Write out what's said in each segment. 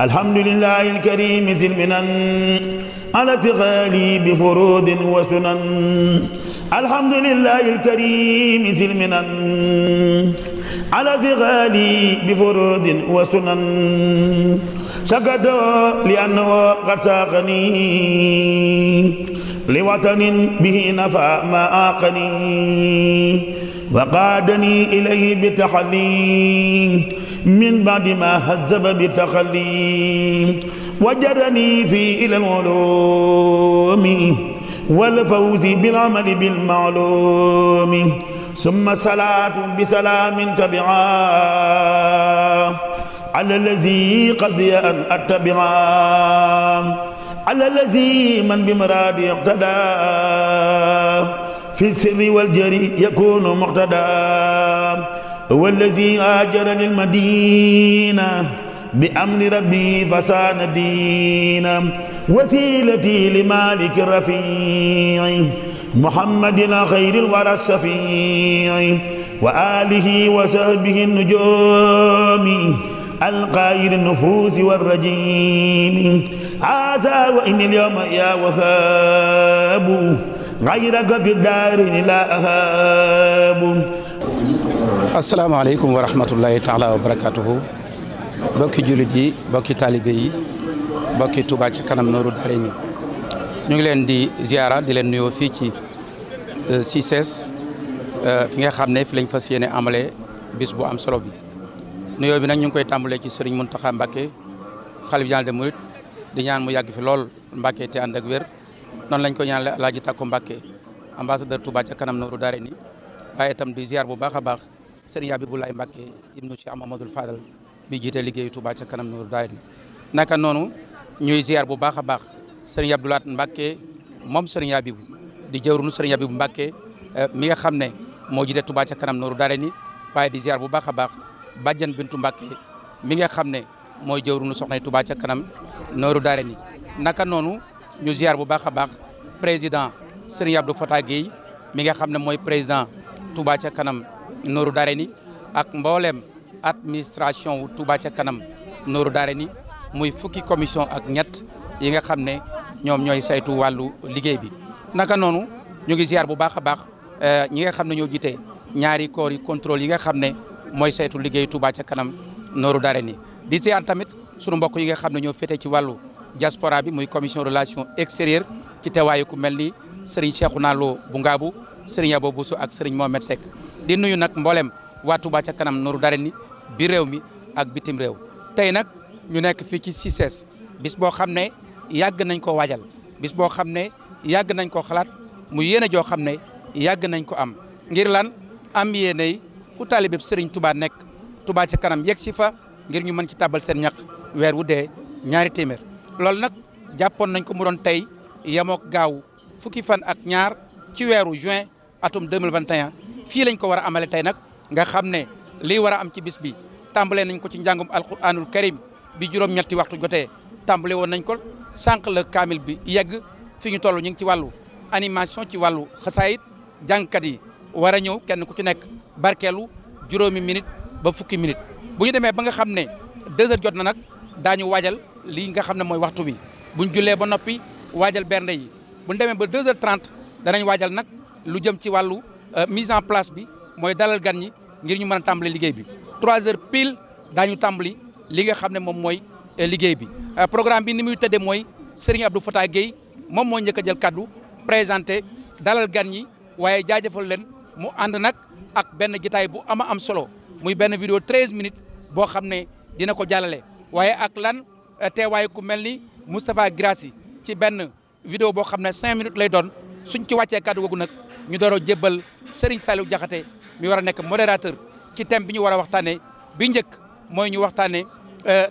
الحمد لله الكريم ذي المنن على تغالي بفروض وسنن الحمد لله الكريم ذي المنن على تغالي بفروض وسنن شكد لأنه قد ساقني لوطن به نفع ما آقني وقادني إليه بتحلي من بعد ما هذب بتخلي وجرني في إلى العلوم والفوز بالعمل بالمعلوم ثم صلاة بسلام تبعا على الذي قد أن أتبعا على الذي من بمراد اقتدى في السر والجري يكون مقتدى هو الذي هاجر للمدينة بأمر ربي فسان دينا وسيلتي لمالك الرفيع محمد خير الورى الشفيع وآله وصحبه النجوم القائر النفوس والرجيم هذا وإن اليوم يا وهاب غيرك في الدار لا أهاب asalaamaaleykum wa rahmatullahi taala wa barakaatuhu bokki jullit yi bokki taalibe yi bokki Touba ca kanam nooru daare ñu ngi leen di ziara di leen nuyoo fii ci euh, CICES e euh, fi nga xam ne fi lañ fas yéene amale bis bu am solo bi nuyoo bi nag ñu ngi koy tàmbalee ci Serigne Mountakha Mbacké xalif général des mourides di ñaan mu yàgg fi lool Mbacké te ànd ak wér noonu lañ ko ñaanale Alaaji takk Mbacké ambassadeur Touba ca kanam nooru daare ni waaye itam di ziar bu baax a baax sëriñ Abibulaay Mbàkke ibnu Cheikh Mamadou Fadal mi jiite liggéeyu Touba ca kanam Nour Daara naka noonu ñuy ziar bu baax a baax sëriñ Abdoulaat Mbàkke moom sëriñ Abibu di jëwrunu sëriñ Abibu Mbàkke eh, mi nga xam ne moo jiite Touba ca kanam Nour Daara waaye di ziar bu baax a baax bàjjan Bintu Mbàkke mi nga xam ne mooy jëwrunu soxnay Touba ca kanam Nour ni naka noonu ñu ziar bu baax a baax président sëriñ Abdou Fatah Guèye mi nga xam ne mooy président Touba ca kanam. Nooru ni ak mboolem administration wu Touba ca kanam Nooru ni muy fukki commission ak ñett yi nga xam ne ñoom ñooy saytu wàllu liggéey bi. naka noonu ñu ngi ziar bu baax a baax euh, ñi nga xam ne ñoo jiite ñaari corps yi contrôle yi nga xam ne mooy saytu liggéey Touba ca kanam Nooru ni di ziar tamit sunu mbokk yi nga xam ne ñoo féete ci wàllu diaspora bi muy commission relation extérieure ci teewaayu ku mel ni Serigne Cheikhouna Lo bu Ngaabu Serigne Abo ak Serigne Mohamed Seck. di nuyu nag mboolem waa Touba ca kanam nooru dara ni bi réew mi ak bitim réew tey nag ñu nekk fii ci CICES bis boo xam ne yàgg nañ ko waajal bis boo xam ne yàgg nañ ko xalaat mu yéene joo xam ne yàgg nañ ko am ngir lan am yéeney fu taalibe Serigne Touba nekk Touba ca kanam yegg si fa ngir ñu mën ci tàbbal seen ñaq weer wu dee ñaari téeméer loolu nag jàppoon nañ ko mu doon tey yemook gaaw fukki fan ak ñaar ci weeru juin atum 2021 fii lañ ko war a amale tey nag nga xam ne li war a am ci bis bi tàmbale nañ ko ci njàngum alquranul karim bi juróom-ñetti waxtu jotee tàmbale woon nañ ko sànq la kaamil bi yegg fi ñu toll ñu ngi ci wàllu animation ci wàllu xasaayit jàngkat yi war a ñëw kenn ku ci nekk barkeelu juróomi minute ba fukki minit bu ñu demee ba nga xam ne deux heures jot na nag daañu waajal lii nga xam ne mooy waxtu wi bu ñu jullee ba noppi waajal bernde yi bu ñu demee ba deux danañ waajal nag lu jëm ci wàllu Euh, mise en place bi mooy dalal gan ñi ngir ñu mën a liggéey bi trois heures pile daañu tàmbali li nga xam ne moom mooy euh, liggéey bi euh, programme bi ni muy tëddee mooy Serigne Abdou Fatah Gueye moom mooy njëkk jël kàddu présenté dalal gan ñi waaye jaajëfal leen mu ànd nag ak benn gitaay bu ama am solo muy benn vidéo treize minutes boo xam ne dina ko jàllale waaye ak lan teewaay ku mel ni Moustapha Guirassy ci benn vidéo boo xam ne cinq minutes lay doon suñ ci wàccee kaddu googu nag ñu door a jébbal Serigne Saliou Diakhaté mi war a nekk modérateur ci thème bi ñu war a waxtaanee bi njëkk mooy ñu waxtaanee euh,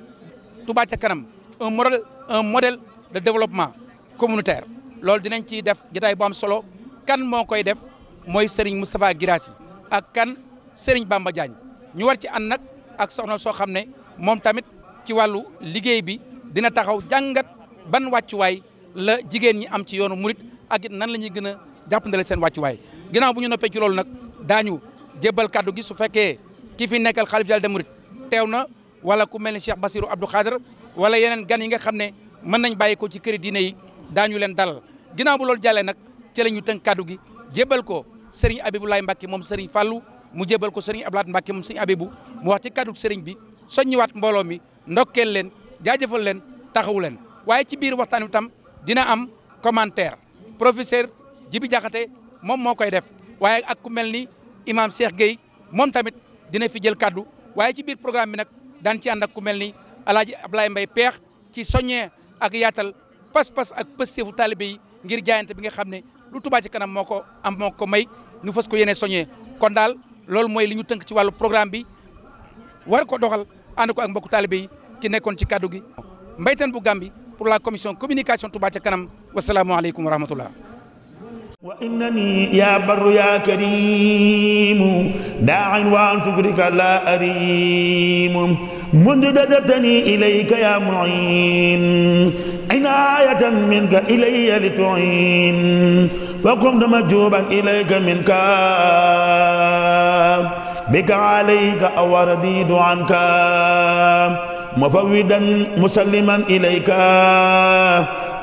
Touba ca kanam un modèle un modèle de développement communautaire loolu dinañ ciy def jotaay boo am solo kan moo koy def mooy Serigne Moustapha Guirassy ak kan Serigne Bamba Diagne ñu war ci an nag ak soxna soo xam ne moom tamit ci wàllu liggéey bi dina taxaw jàngat ban wàccuwaay la jigéen ñi am ci yoonu murit ak nan la ñuy gën a jàpp na leen seen wàccuwaay ginnaaw bu ñu noppee ci loolu nag daañu jébbal kaddu gi su fekkee ki fi nekkal xalif jal demurit teew na wala ku mel ni Cheikh Bassirou Abdou Khadre wala yeneen gan yi nga xam ne mën nañ bàyyi ko ci këri diine yi daañu leen dalal ginaaw bu loolu jàllee nag ci ñu tënk kaddu gi jébbal ko Serigne Abibulaay Mbacke moom Serigne Fallou mu jébbal ko Serigne Ablaat Mbacke moom Serigne Abibu mu wax ci kaddu Serigne bi soññiwaat mbooloo mi ndokkeel leen jaajëfal leen taxawu leen waaye ci biir waxtaan wi dina am commentaire Jibi Jaxate moom moo koy def waaye ak ku mel ni imaam Cheikh Gueye moom tamit dina fi jël kaddu waaye ci biir programme bi nag daan ci ànd ak ku mel ni El Hadj Ablaye Mbaye Peex ci soññee ak yaatal pas-pas ak pësteefu taalibe yi ngir jaayante bi nga xam ne lu Touba ci kanam moo ko am moo ko may ñu fas ko yéene soññee kon daal loolu mooy li ñu tënk ci wàllu programme bi war ko doxal ànd ko ak mbokku taalibe yi ki nekkoon ci kaddu gi. mbaytan bu Gàmbi pour la commission communication Touba ca kanam wasalaamualeykum wa wa innani yaa barru yaa karimu daain wa an tukrika la arimu mundu dadatani ilayka ya muin inayatan minka ilayya lituin فقمت مجوبا إليك منك بك عليك أو رديد عنك مفودا مسلما إليك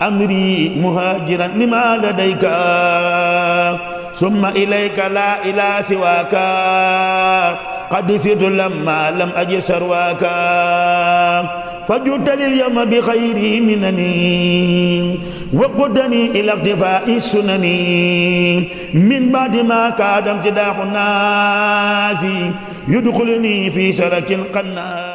amri muhajiran lima ladayka summa ilayka la ilaha siwaka qad sirtu lamma lam ajid sarwaka fajurtalil yawma bi xayri minani waqudani ila iqtifaa'i sunani min baadi ma kaadam tidaaxu naasi yudxuluni fi sarakin qannaas